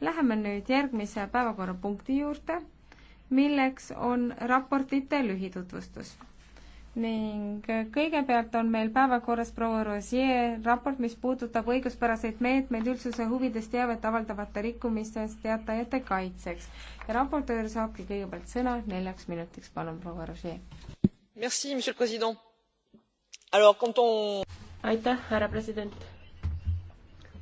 Läheme nüüd järgmise päevakorrapunkti juurde, milleks on raportite lühitutvustus. ning kõigepealt on meil päevakorras proua Rosier raport, mis puudutab õiguspäraseid meetmeid üldsuse huvides teavet avaldavate rikkumistest teatajate kaitseks. ja raportöör saabki kõigepealt sõna neljaks minutiks, palun, proua Rosier. aitäh, härra president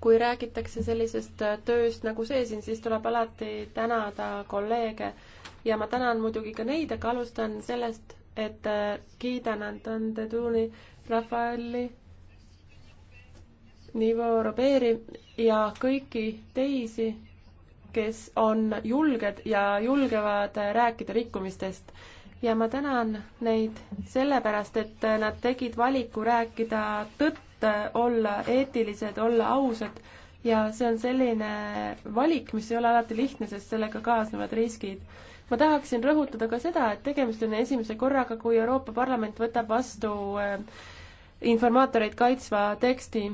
kui räägitakse sellisest äh, tööst nagu see siin, siis tuleb alati tänada kolleege ja ma tänan muidugi ka neid, aga alustan sellest, et äh, kiidan Anton Teduni, Rafaeli, Nivo Robeeri ja kõiki teisi, kes on julged ja julgevad äh, rääkida rikkumistest ja ma tänan neid sellepärast, et nad tegid valiku rääkida tõtt et äh, olla eetilised, olla ausad ja see on selline valik, mis ei ole alati lihtne, sest sellega kaasnevad riskid. ma tahaksin rõhutada ka seda, et tegemist on esimese korraga, kui Euroopa Parlament võtab vastu äh, informaatoreid kaitsva teksti.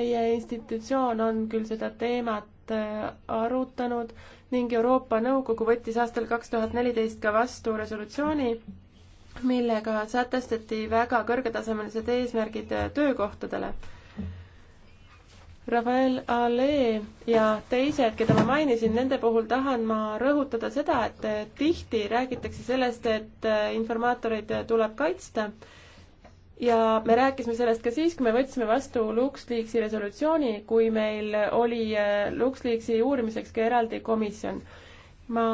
meie institutsioon on küll seda teemat äh, arutanud ning Euroopa Nõukogu võttis aastal kaks tuhat neliteist ka vastu resolutsiooni, millega sätestati väga kõrgetasemelised eesmärgid töökohtadele. Rafael Alee ja teised, keda ma mainisin, nende puhul tahan ma rõhutada seda, et tihti räägitakse sellest, et informaatoreid tuleb kaitsta ja me rääkisime sellest ka siis, kui me võtsime vastu LuxLeaksi resolutsiooni, kui meil oli eh, LuxLeaksi uurimiseks ka eraldi komisjon. ma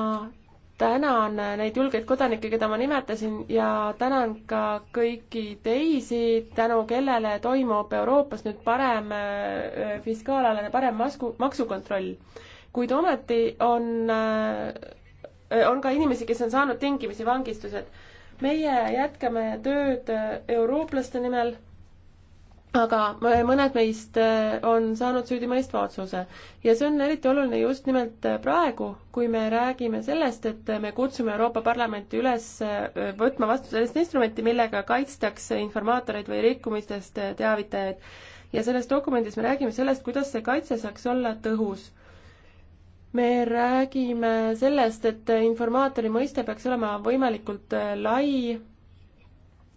tänan neid julgeid kodanikke, keda ma nimetasin ja tänan ka kõiki teisi, tänu kellele toimub Euroopas nüüd parem äh, fiskaalalane, parem masku, maksukontroll. kuid ometi on, äh, on ka inimesi, kes on saanud tingimisi vangistused. meie jätkame tööd äh, eurooplaste nimel aga äh, mõned meist äh, on saanud süüdimõistva otsuse ja see on eriti oluline just nimelt äh, praegu, kui me räägime sellest, et me kutsume Euroopa Parlamenti üles võtma vastu sellist instrumenti, millega kaitstakse informaatoreid või rikkumistest teavitajaid. ja selles dokumendis me räägime sellest, kuidas see kaitse saaks olla tõhus me räägime sellest, et informaatori mõiste peaks olema võimalikult lai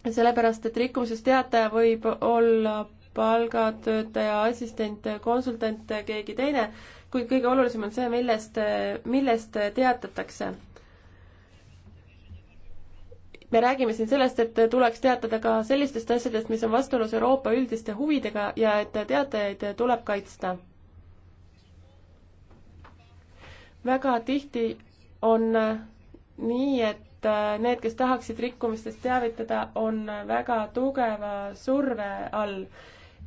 sellepärast, et rikkumisteataja võib olla palgatöötaja, assistent, konsultant, keegi teine, kuid kõige olulisem on see, millest, millest teatatakse. me räägime siin sellest, et tuleks teatada ka sellistest asjadest, mis on vastuolus Euroopa üldiste huvidega ja et teatajaid tuleb kaitsta. väga tihti on nii, et et äh, need, kes tahaksid rikkumistest teavitada, on väga tugeva surve all.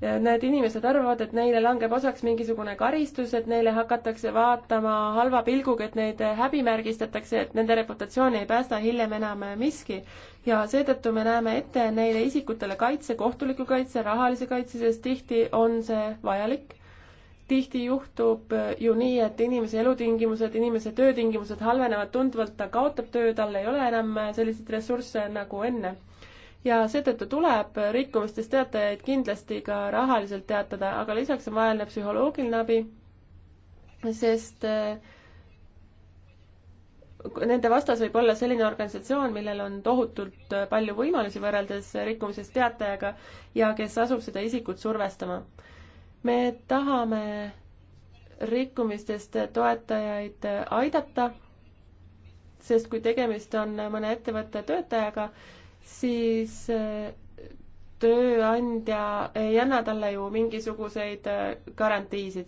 Need inimesed arvavad, et neile langeb osaks mingisugune karistus, et neile hakatakse vaatama halva pilguga, et neid häbimärgistatakse, et nende reputatsiooni ei päästa hiljem enam miski. ja seetõttu me näeme ette neile isikutele kaitse, kohtuliku kaitse, rahalise kaitse, sest tihti on see vajalik tihti juhtub äh, ju nii, et inimese elutingimused, inimese töötingimused halvenevad tunduvalt, ta kaotab töö, tal ei ole enam äh, selliseid ressursse nagu enne. ja seetõttu tuleb rikkumistest teatajaid kindlasti ka rahaliselt teatada, aga lisaks on vajaline psühholoogiline abi, sest äh, nende vastas võib olla selline organisatsioon, millel on tohutult palju võimalusi võrreldes rikkumisest teatajaga ja kes asub seda isikut survestama me tahame rikkumistest toetajaid aidata, sest kui tegemist on mõne ettevõtte töötajaga, siis äh, tööandja ei anna talle ju mingisuguseid äh, garantiisid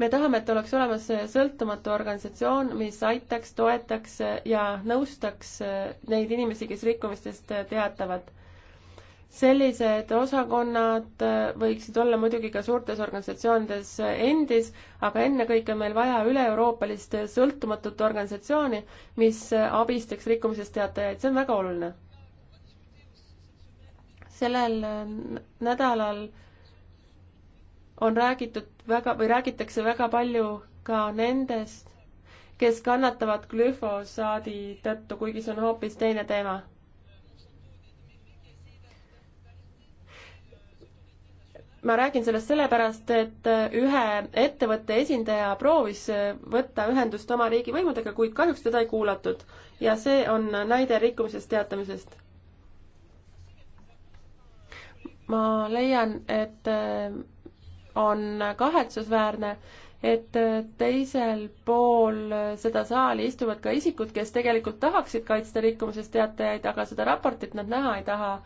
me tahame, et oleks olemas sõltumatu organisatsioon, mis aitaks, toetaks ja nõustaks äh, neid inimesi, kes rikkumistest teatavad sellised osakonnad äh, võiksid olla muidugi ka suurtes organisatsioonides äh, endis, aga ennekõike on meil vaja üle-euroopalist äh, sõltumatut organisatsiooni, mis abistaks rikkumisest teatajaid, see on väga oluline. sellel nädalal on räägitud väga või räägitakse väga palju ka nendest, kes kannatavad glüfosaadi tõttu, kuigi see on hoopis teine teema ma räägin sellest sellepärast, et ühe ettevõtte esindaja proovis võtta ühendust oma riigivõimudega, kuid kahjuks teda ei kuulatud. ja see on näide rikkumisest teatamisest. ma leian, et on kahetsusväärne, et teisel pool seda saali istuvad ka isikud, kes tegelikult tahaksid kaitsta rikkumisest teatajaid, aga seda raportit nad näha ei taha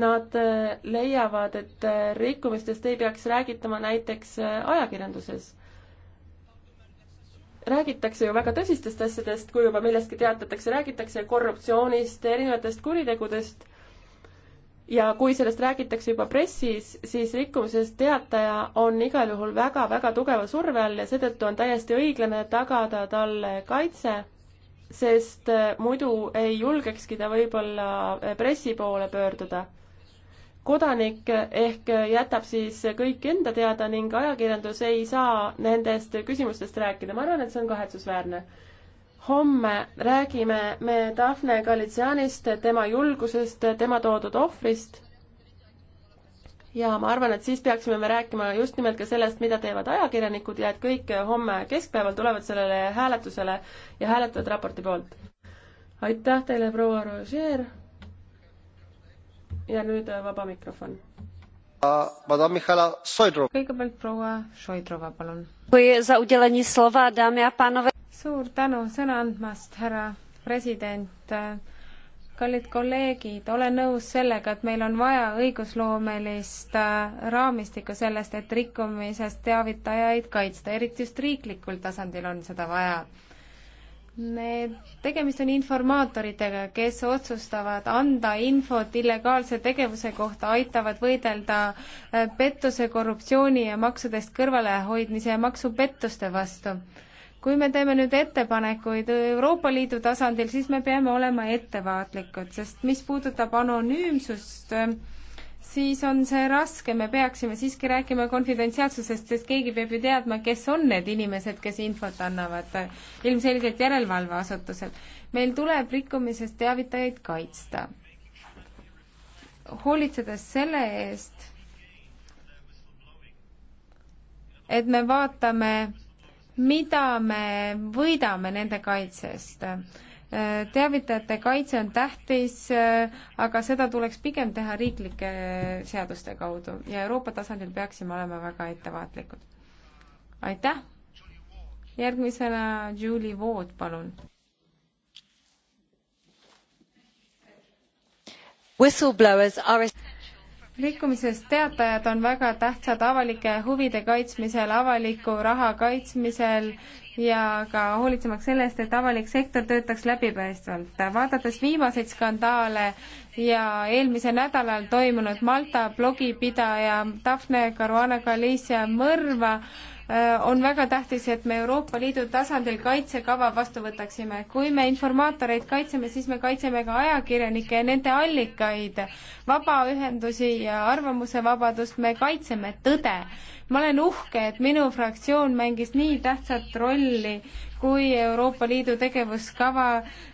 Nad äh, leiavad, et äh, rikkumistest ei peaks räägitama näiteks äh, ajakirjanduses. räägitakse ju väga tõsistest asjadest, kui juba millestki teatatakse, räägitakse korruptsioonist, erinevatest kuritegudest ja kui sellest räägitakse juba pressis, siis rikkumisest teataja on igal juhul väga-väga tugeva surve all ja seetõttu on täiesti õiglane tagada talle kaitse, sest muidu ei julgekski ta võib-olla pressi poole pöörduda kodanik ehk jätab siis kõik enda teada ning ajakirjandus ei saa nendest küsimustest rääkida. ma arvan, et see on kahetsusväärne. homme räägime me Daphne Galizianist, tema julgusest, tema toodud ohvrist. ja ma arvan, et siis peaksime me rääkima just nimelt ka sellest, mida teevad ajakirjanikud ja et kõik homme keskpäeval tulevad sellele hääletusele ja hääletavad raporti poolt. aitäh teile, proua Roger ja nüüd äh, vaba mikrofon. kõigepealt proua Šoidrova, palun. suur tänu sõna andmast, härra president. kallid kolleegid, olen nõus sellega, et meil on vaja õigusloomelist äh, raamistikku sellest, et rikkumisest teavitajaid kaitsta, eriti just riiklikul tasandil on seda vaja me, tegemist on informaatoritega, kes otsustavad anda infot illegaalse tegevuse kohta, aitavad võidelda äh, pettuse, korruptsiooni ja maksudest kõrvalehoidmise ja maksupettuste vastu. kui me teeme nüüd ettepanekuid Euroopa Liidu tasandil, siis me peame olema ettevaatlikud, sest mis puudutab anonüümsust, siis on see raske, me peaksime siiski rääkima konfidentsiaalsusest, sest keegi peab ju teadma, kes on need inimesed, kes infot annavad. ilmselgelt järelevalveasutused. meil tuleb rikkumisest teavitajaid kaitsta. hoolitsedes selle eest, et me vaatame, mida me võidame nende kaitsest teavitajate kaitse on tähtis, aga seda tuleks pigem teha riiklike seaduste kaudu ja Euroopa tasandil peaksime olema väga ettevaatlikud. aitäh! järgmisena Julie Wood, palun. Whistleblowers are rikkumisest teatajad on väga tähtsad avalike huvide kaitsmisel, avaliku raha kaitsmisel ja ka hoolitsemaks selle eest, et avalik sektor töötaks läbipaistvalt. vaadates viimaseid skandaale ja eelmisel nädalal toimunud Malta blogipidaja Daphne Caruana Galizia mõrva, Äh, on väga tähtis, et me Euroopa Liidu tasandil kaitsekava vastu võtaksime. kui me informaatoreid kaitseme, siis me kaitseme ka ajakirjanikke ja nende allikaid, vabaühendusi ja arvamusevabadust, me kaitseme tõde. ma olen uhke, et minu fraktsioon mängis nii tähtsat rolli kui Euroopa Liidu tegevuskava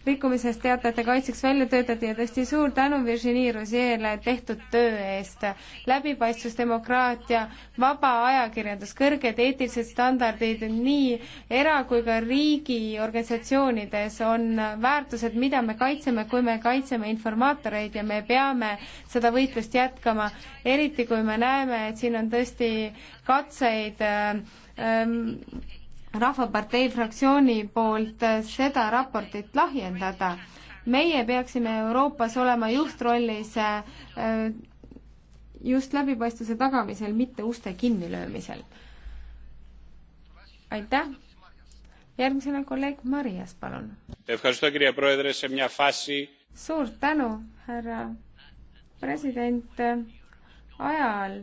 rikkumisest teatajate kaitseks välja töötati ja tõesti suur tänu Virginie Rosierile tehtud töö eest. läbipaistvus, demokraatia, vaba ajakirjandus, kõrged eetilised standardid nii era- kui ka riigiorganisatsioonides on väärtused, mida me kaitseme, kui me kaitseme informaatoreid ja me peame seda võitlust jätkama, eriti kui me näeme, et siin on tõesti katseid ähm, Rahvapartei fraktsiooni poolt seda raportit lahjendada. meie peaksime Euroopas olema juhtrollis äh, just läbipaistvuse tagamisel, mitte uste kinnilöömisel. aitäh! järgmisena kolleeg Marias, palun. suur tänu, härra president. ajal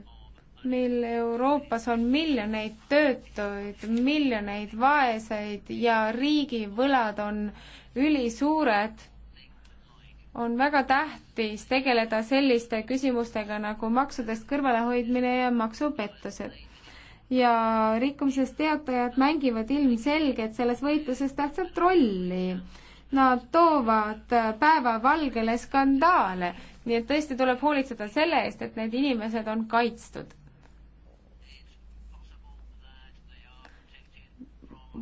mil Euroopas on miljoneid töötuid, miljoneid vaeseid ja riigivõlad on ülisuured, on väga tähtis tegeleda selliste küsimustega nagu maksudest kõrvalehoidmine ja maksupettused. ja rikkumisest teatajad mängivad ilmselgelt selles võitluses tähtsat rolli. Nad toovad päevavalgele skandaale, nii et tõesti tuleb hoolitseda selle eest, et need inimesed on kaitstud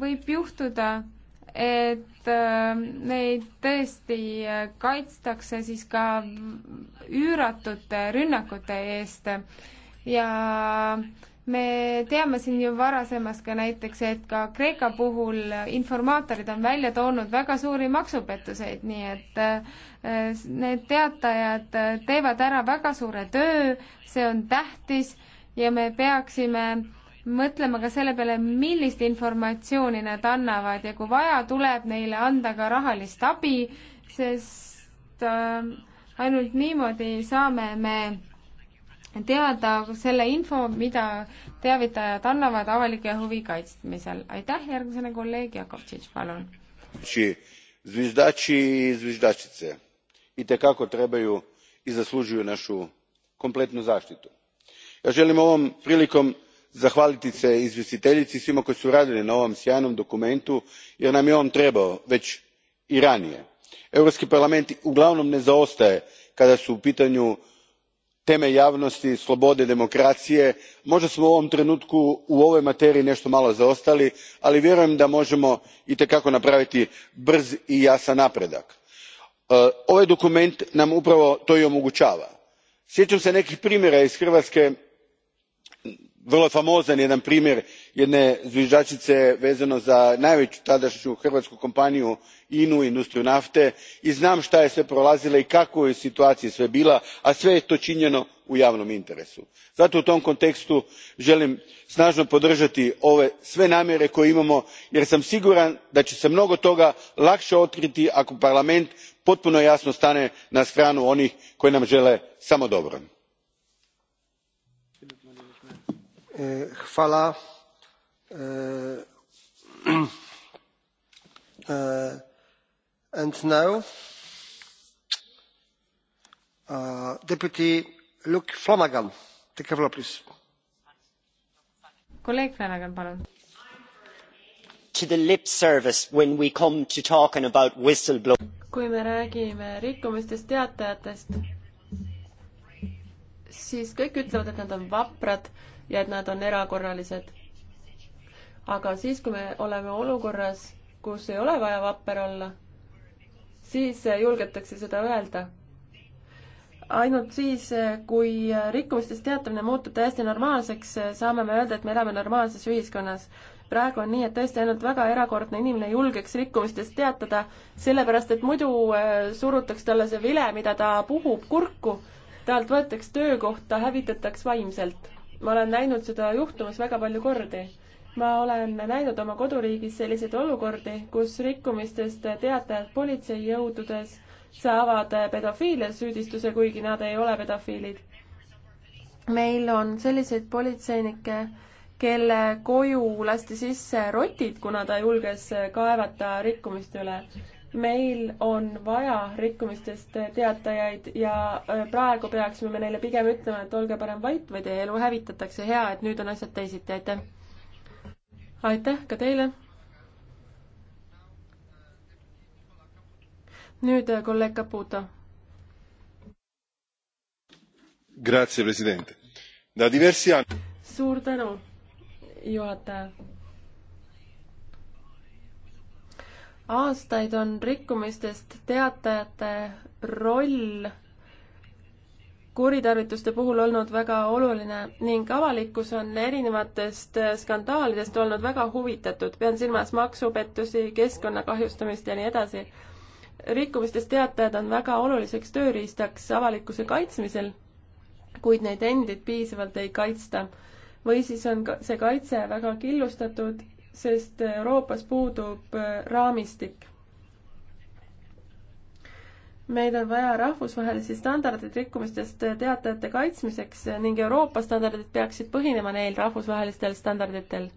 võib juhtuda, et äh, neid tõesti äh, kaitstakse siis ka üüratute rünnakute eest ja me teame siin ju varasemast ka näiteks, et ka Kreeka puhul informaatorid on välja toonud väga suuri maksupettuseid, nii et äh, need teatajad teevad ära väga suure töö, see on tähtis ja me peaksime äh, mõtlema ka selle peale, millist informatsiooni nad annavad ja kui vaja, tuleb neile anda ka rahalist abi, sest äh, ainult niimoodi saame me teada selle info, mida teavitajad annavad avalike huvi kaitsmisel. aitäh, järgmisena kolleeg Jakovtšitš, palun. Zviždači i zviždačice itekako trebaju i zaslužuju našu kompletnu zaštitu. ja želim ovom prilikom zahvaliti se izvjestiteljici i svima koji su radili na ovom sjajnom dokumentu jer nam je on trebao već i ranije. europski parlament uglavnom ne zaostaje kada su u pitanju teme javnosti slobode demokracije. možda smo u ovom trenutku u ovoj materiji nešto malo zaostali ali vjerujem da možemo itekako napraviti brz i jasan napredak. E, ovaj dokument nam upravo to i omogućava. sjećam se nekih primjera iz hrvatske vrlo famozan jedan primjer jedne zviždačice vezano za najveću tadašnju hrvatsku kompaniju ina u industriju nafte i znam što je sve prolazila i u kakvoj je situaciji sve bila a sve je to činjeno u javnom interesu. zato u tom kontekstu želim snažno podržati ove sve namjere koje imamo jer sam siguran da će se mnogo toga lakše otkriti ako parlament potpuno jasno stane na stranu onih koji nam žele samo dobro. chwala e, e, and now deputy luc flanagan the cover please. kolleeg flanagan palun. to the lip service when we come to talking about whistleblowers. kui me räägime rikkumistest teatajatest siis kõik ütlevad, et nad on vaprad, ja et nad on erakorralised. aga siis, kui me oleme olukorras, kus ei ole vaja vapper olla, siis julgetakse seda öelda. ainult siis, kui rikkumistest teatamine muutub täiesti normaalseks, saame me öelda, et me elame normaalses ühiskonnas praegu on nii, et tõesti ainult väga erakordne inimene julgeks rikkumistest teatada, sellepärast et muidu äh, surutaks talle see vile, mida ta puhub, kurku, talt võetaks töökohta, hävitataks vaimselt ma olen näinud seda juhtumas väga palju kordi. ma olen näinud oma koduriigis selliseid olukordi, kus rikkumistest teatajad politseijõududes saavad pedofiiliasüüdistuse, kuigi nad ei ole pedofiilid. meil on selliseid politseinikke, kelle koju lasti sisse rotid, kuna ta julges kaevata rikkumiste üle meil on vaja rikkumistest teatajaid ja äh, praegu peaksime me neile pigem ütlema, et olge parem vait või teie elu hävitatakse, hea, et nüüd on asjad teisiti, aitäh. aitäh ka teile. nüüd äh, kolleeg Caputo. suur tänu, juhataja aastaid on rikkumistest teatajate roll kuritarvituste puhul olnud väga oluline ning avalikkus on erinevatest skandaalidest olnud väga huvitatud, pean silmas maksupettusi, keskkonna kahjustamist ja nii edasi. rikkumistest teatajad on väga oluliseks tööriistaks avalikkuse kaitsmisel, kuid neid endid piisavalt ei kaitsta. või siis on see kaitse väga killustatud sest Euroopas puudub äh, raamistik. meil on vaja rahvusvahelisi standardeid rikkumistest äh, teatajate kaitsmiseks äh, ning Euroopa standardid peaksid põhinema neil rahvusvahelistel standarditel.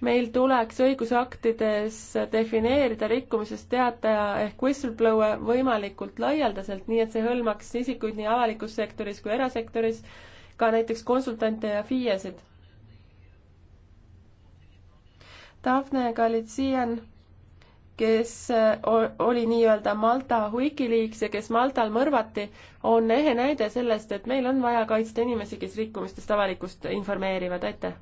meil tuleks õigusaktides defineerida rikkumisest teataja ehk whistleblower võimalikult laialdaselt, nii et see hõlmaks isikuid nii avalikus sektoris kui erasektoris, ka näiteks konsultante ja FIE-sid Daphne Galizian, kes oli nii-öelda Malta huikiliiks ja kes Maltal mõrvati, on ehe näide sellest, et meil on vaja kaitsta inimesi, kes rikkumistest avalikkust informeerivad, aitäh!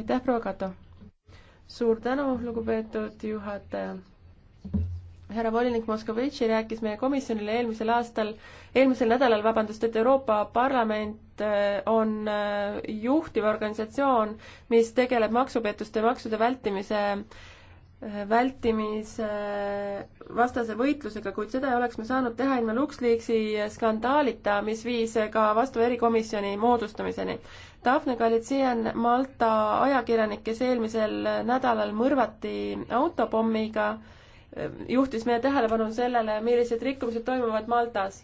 aitäh, proua Kato! suur tänu, lugupeetud juhataja! härra volinik Moskovitši rääkis meie komisjonile eelmisel aastal, eelmisel nädalal, vabandust, et Euroopa Parlament Äh, on äh, juhtiv organisatsioon, mis tegeleb maksupettuste ja maksude vältimise äh, vältimise vastase võitlusega, kuid seda ei oleks me saanud teha ilma LuxLeaksi skandaalita, mis viis ka vastava erikomisjoni moodustamiseni. Daphne Galizien, Malta ajakirjanik, kes eelmisel nädalal mõrvati autopommiga, juhtis meie tähelepanu sellele, millised rikkumised toimuvad Maltas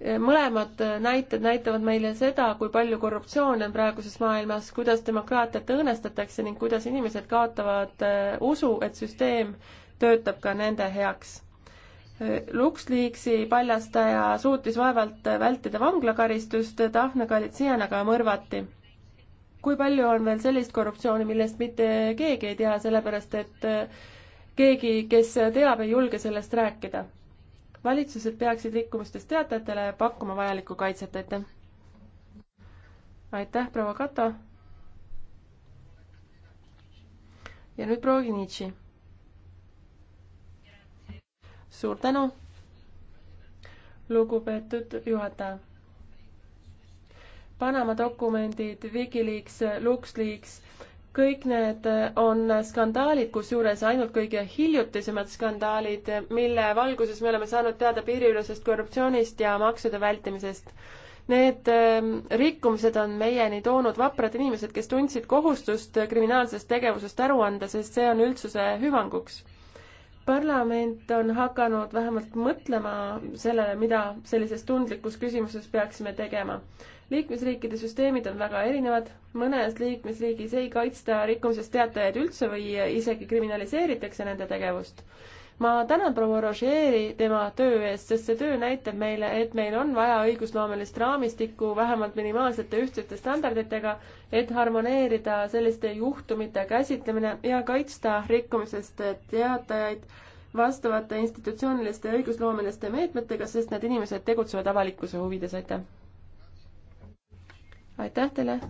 mõlemad näited näitavad meile seda, kui palju korruptsiooni on praeguses maailmas, kuidas demokraatiat õõnestatakse ning kuidas inimesed kaotavad äh, usu, et süsteem töötab ka nende heaks. Äh, LuxLeaksi paljastaja suutis vaevalt vältida vanglakaristust, Daphne Galizian aga mõrvati. kui palju on veel sellist korruptsiooni, millest mitte keegi ei tea, sellepärast et äh, keegi, kes teab, ei julge sellest rääkida valitsused peaksid rikkumistest teatajatele pakkuma vajalikku kaitset, aitäh. aitäh, proua Kato. ja nüüd proua Ginitši. suur tänu, lugupeetud juhataja. Panama dokumendid, Wikileaks, LuxLeaks kõik need äh, on skandaalid, kusjuures ainult kõige hiljutisemad skandaalid, mille valguses me oleme saanud teada piiriülesest korruptsioonist ja maksude vältimisest. Need ähm, rikkumised on meieni toonud vaprad inimesed, kes tundsid kohustust kriminaalsest tegevusest aru anda, sest see on üldsuse hüvanguks. parlament on hakanud vähemalt mõtlema sellele, mida sellises tundlikus küsimuses peaksime tegema liikmesriikide süsteemid on väga erinevad, mõnes liikmesriigis ei kaitsta rikkumisest teatajaid üldse või isegi kriminaliseeritakse nende tegevust. ma tänan proua Rožeeri tema töö eest, sest see töö näitab meile, et meil on vaja õigusloomelist raamistikku vähemalt minimaalsete ühtsete standarditega, et harmoneerida selliste juhtumite käsitlemine ja kaitsta rikkumisest teatajaid vastavate institutsiooniliste ja õigusloomeliste meetmetega, sest need inimesed tegutsevad avalikkuse huvides, aitäh! aitäh teile.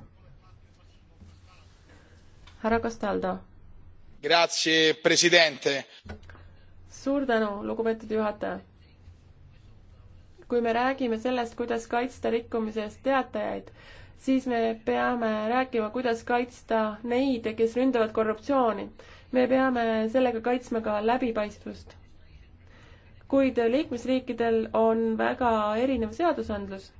härra Castaldo. suur tänu, lugupeetud juhataja. kui me räägime sellest, kuidas kaitsta rikkumise eest teatajaid, siis me peame rääkima, kuidas kaitsta neid, kes ründavad korruptsiooni. me peame sellega kaitsma ka läbipaistvust kuid liikmesriikidel on väga erinev seadusandlus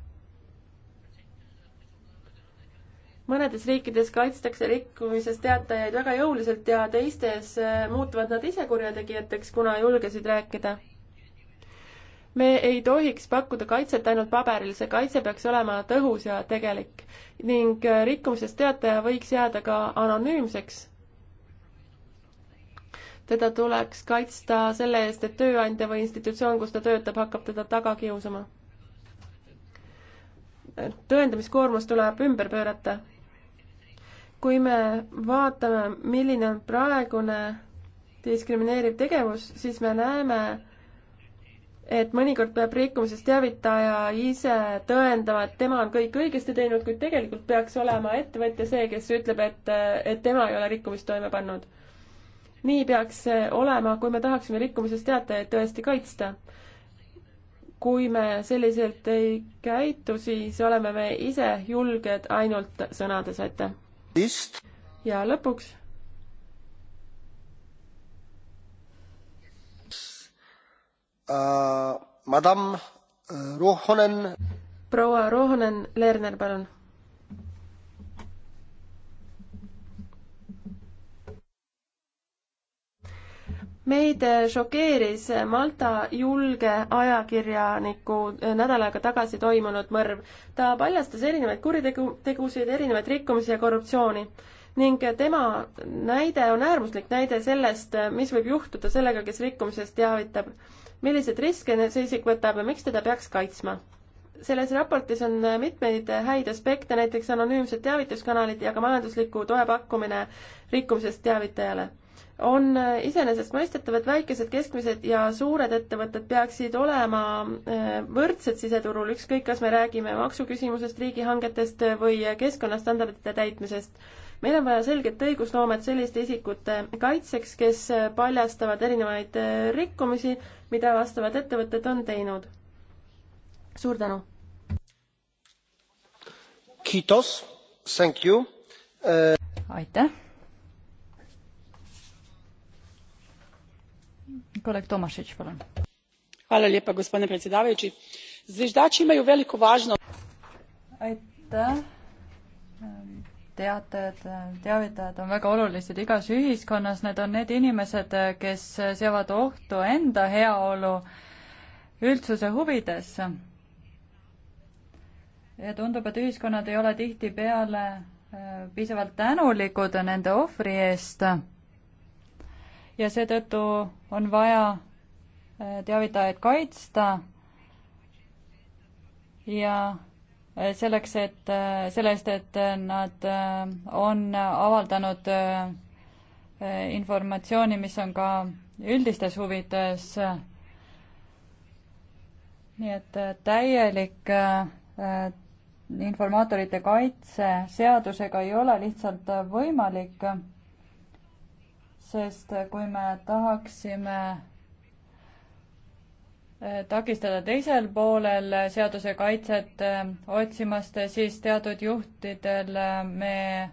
mõnedes riikides kaitstakse rikkumisest teatajaid väga jõuliselt ja teistes äh, muutuvad nad ise kurjategijateks, kuna julgesid rääkida. me ei tohiks pakkuda kaitset ainult paberil, see kaitse peaks olema tõhus ja tegelik ning äh, rikkumisest teataja võiks jääda ka anonüümseks. teda tuleks kaitsta selle eest, et tööandja või institutsioon, kus ta töötab, hakkab teda taga kiusama tõendamiskoormus tuleb ümber pöörata kui me vaatame, milline on praegune diskrimineeriv tegevus, siis me näeme, et mõnikord peab rikkumisest teavitaja ise tõendama, et tema on kõik õigesti teinud, kuid tegelikult peaks olema ettevõtja see, kes ütleb, et, et tema ei ole rikkumist toime pannud. nii peaks see olema, kui me tahaksime rikkumisest teatajaid tõesti kaitsta. kui me selliselt ei käitu, siis oleme me ise julged ainult sõnades, aitäh! ja lõpuks. Äh, äh, proua Rohonen Lerner, palun meid šokeeris Malta julge ajakirjaniku nädal aega tagasi toimunud mõrv. ta paljastas erinevaid kuritegusid, erinevaid rikkumisi ja korruptsiooni ning tema näide on äärmuslik näide sellest, mis võib juhtuda sellega, kes rikkumisest teavitab. milliseid riske see isik võtab ja miks teda peaks kaitsma? selles raportis on mitmeid häid aspekte, näiteks anonüümsed teavituskanalid ja ka majandusliku toe pakkumine rikkumisest teavitajale on iseenesestmõistetav, et väikesed, keskmised ja suured ettevõtted peaksid olema äh, võrdsed siseturul, ükskõik, kas me räägime maksuküsimusest, riigihangetest või keskkonnastandardite täitmisest. meil on vaja selget õigusloomet selliste isikute kaitseks, kes paljastavad erinevaid äh, rikkumisi, mida vastavad ettevõtted on teinud. suur tänu! Kiitos, thank you uh... Äh.... aitäh! Tomašić, lijepa, gospodine predsjedavajući zviždači imaju veliku važnost aitäh teatajad teavitajad on väga olulised igas ühiskonnas need on need inimesed kes seavad ohtu enda heaolu üldsuse huvides ja tundub et ühiskonnad ei ole tihtipeale eh, piisavalt tänulikud nende ohvri eest ja seetõttu on vaja äh, teavitajaid kaitsta ja äh, selleks, et äh, selle eest, et nad on avaldanud informatsiooni, mis on ka üldistes huvides. nii et täielik informaatorite kaitse seadusega ei ole lihtsalt võimalik sest kui me tahaksime eh, takistada teisel poolel seaduse kaitset eh, otsimast, siis teatud juhtidel eh, me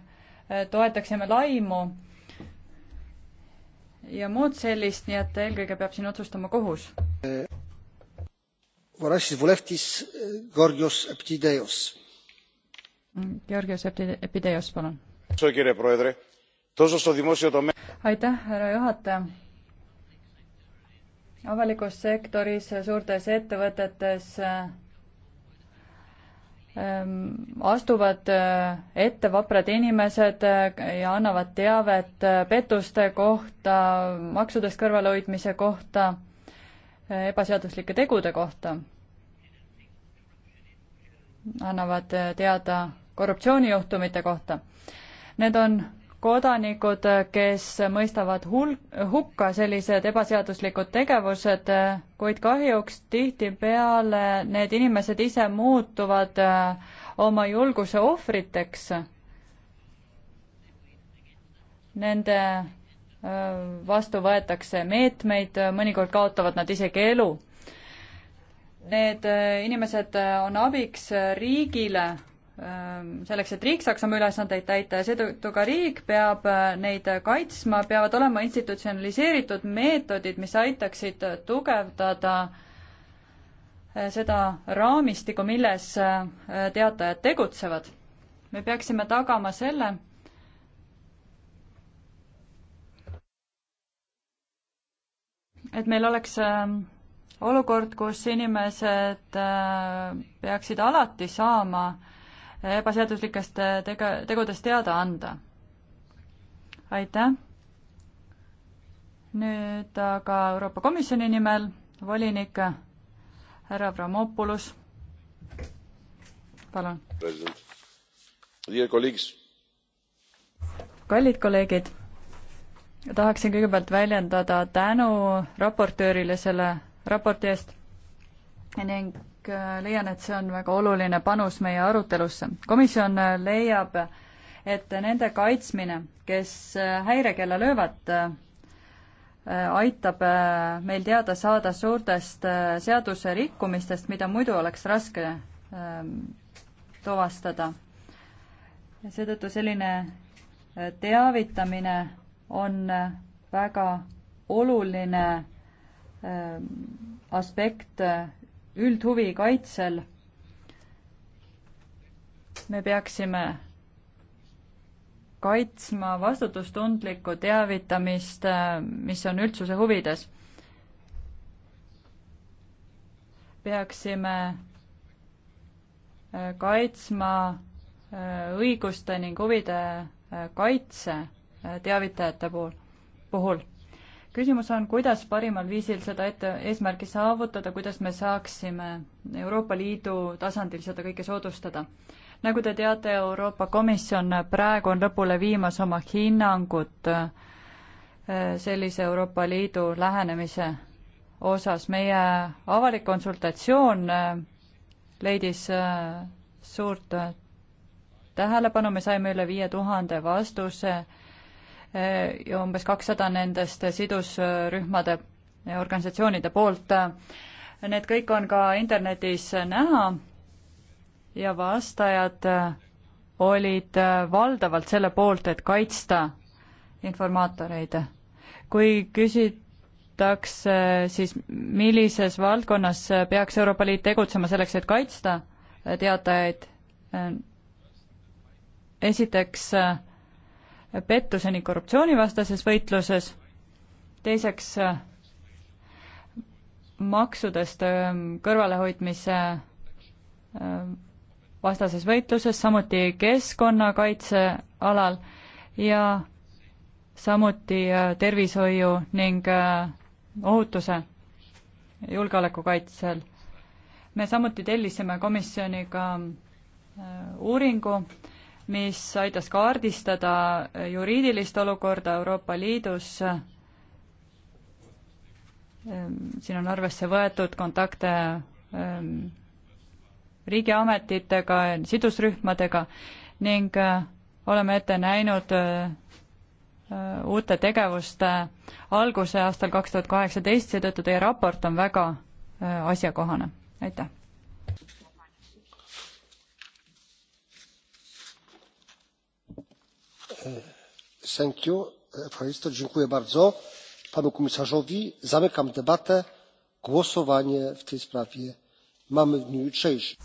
toetaksime laimu ja muud sellist, nii et eelkõige peab siin otsustama kohus. Georgios Epideios, mm, palun aitäh, härra juhataja. avalikus sektoris, suurtes ettevõtetes ähm, astuvad äh, ette vaprad inimesed äh, ja annavad teavet äh, pettuste kohta, maksudest kõrvalehoidmise kohta, ebaseaduslike tegude kohta. annavad teada korruptsioonijuhtumite kohta. Need on kodanikud, kes mõistavad hul-, hukka sellised ebaseaduslikud tegevused, kuid kahjuks tihtipeale need inimesed ise muutuvad äh, oma julguse ohvriteks. Nende äh, vastu võetakse meetmeid, mõnikord kaotavad nad isegi elu. Need äh, inimesed on abiks riigile Ehm, selleks, et riik saaks oma ülesandeid täita ja seetõttu ka riik peab äh, neid kaitsma, peavad olema institutsionaliseeritud meetodid, mis aitaksid tugevdada äh, seda raamistikku, milles äh, teatajad tegutsevad. me peaksime tagama selle, et meil oleks ähm, olukord, kus inimesed peaksid alati saama äh, ebaseaduslikest äh, tege-, tegudest teada anda. aitäh! nüüd aga Euroopa Komisjoni nimel volinik äh, härra Avramopoulos, palun. kallid kolleegid, tahaksin kõigepealt väljendada tänu raportöörile selle raporti eest ning ning äh, leian, et see on väga oluline panus meie arutelusse. komisjon äh, leiab, et nende kaitsmine, kes äh, häirekella löövad, aitab meil teada saada suurtest seaduserikkumistest, mida muidu oleks raske ähm, tuvastada. seetõttu selline teavitamine on väga oluline ähm, aspekt üldhuvi kaitsel me peaksime kaitsma vastutustundlikku teavitamist, mis on üldsuse huvides. peaksime äh, kaitsma äh, õiguste ning huvide äh, kaitse teavitajate puhul, puhul küsimus on, kuidas parimal viisil seda ette, eesmärki saavutada, kuidas me saaksime Euroopa Liidu tasandil seda kõike soodustada. nagu te teate, Euroopa Komisjon praegu on lõpule viimas oma hinnangut äh, sellise Euroopa Liidu lähenemise osas. meie avalik konsultatsioon äh, leidis äh, suurt tähelepanu, me saime üle viie tuhande vastuse Äh, ja umbes kakssada nendest sidusrühmade ja organisatsioonide poolt. Need kõik on ka internetis näha ja vastajad olid valdavalt selle poolt, et kaitsta informaatoreid. kui küsitakse siis, millises valdkonnas peaks Euroopa Liit tegutsema selleks, et kaitsta teatajaid, esiteks äh, pettuse ning korruptsioonivastases võitluses, teiseks maksudest ähm, kõrvalehoidmise ähm, vastases võitluses, samuti keskkonnakaitse alal ja samuti äh, tervishoiu ning äh, ohutuse julgeoleku kaitsel. me samuti tellisime komisjoniga äh, uuringu äh, mis aitas kaardistada juriidilist olukorda Euroopa Liidus. siin on arvesse võetud kontakte ähm, riigiametitega, sidusrühmadega ning äh, oleme ette näinud äh, uute tegevuste alguse aastal kaks tuhat kaheksateist, seetõttu teie raport on väga äh, asjakohane, aitäh! E, e, dziękuję bardzo panu komisarzowi. zamykam debatę. głosowanie w tej sprawie mamy w dniu jutrzejszym.